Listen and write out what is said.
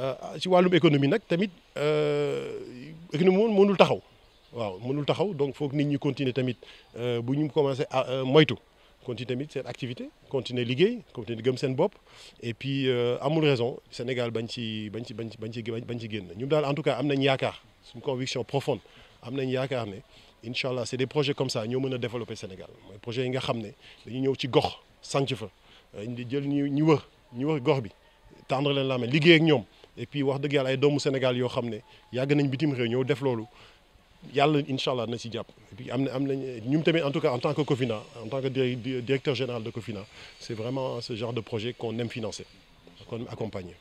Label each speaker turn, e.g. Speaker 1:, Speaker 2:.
Speaker 1: Euh, ci wàllum économie nag tamit euh, économie moom mënul taxaw waaw mënul taxaw donc foog nit ñi continuer tamit euh, bu ñu commencé moytu continuer tamit seen activité continuer liggéey continuer gëm seen bopp et puis amul raison Sénégal bañ ci bañ ci bañ ci bañ ci bañ ci génn ñun daal en tout cas am nañ yaakaar suñu conviction profonde am nañ yaakaar ne incha allah c'est des projet comme ça ñoo mën a développer Sénégal mooy projets yi nga xam ne dañu ñëw ci gox sanc fa di jël ñu ñu wër ñu wër gox bi tendre leen la liggéey ak ñoom et puis wax dëgg yàlla ay doomu Sénégal yoo xam ne yàgg nañ bitim réew ñëw def loolu yàlla incha allah na ci jàpp et puis am na am nañ ñun tamit en tout cas en tant que COFINA en tant que directeur général de COFINA c'est vraiment ce genre de projet qu'on aime financer qu'on aime accompagner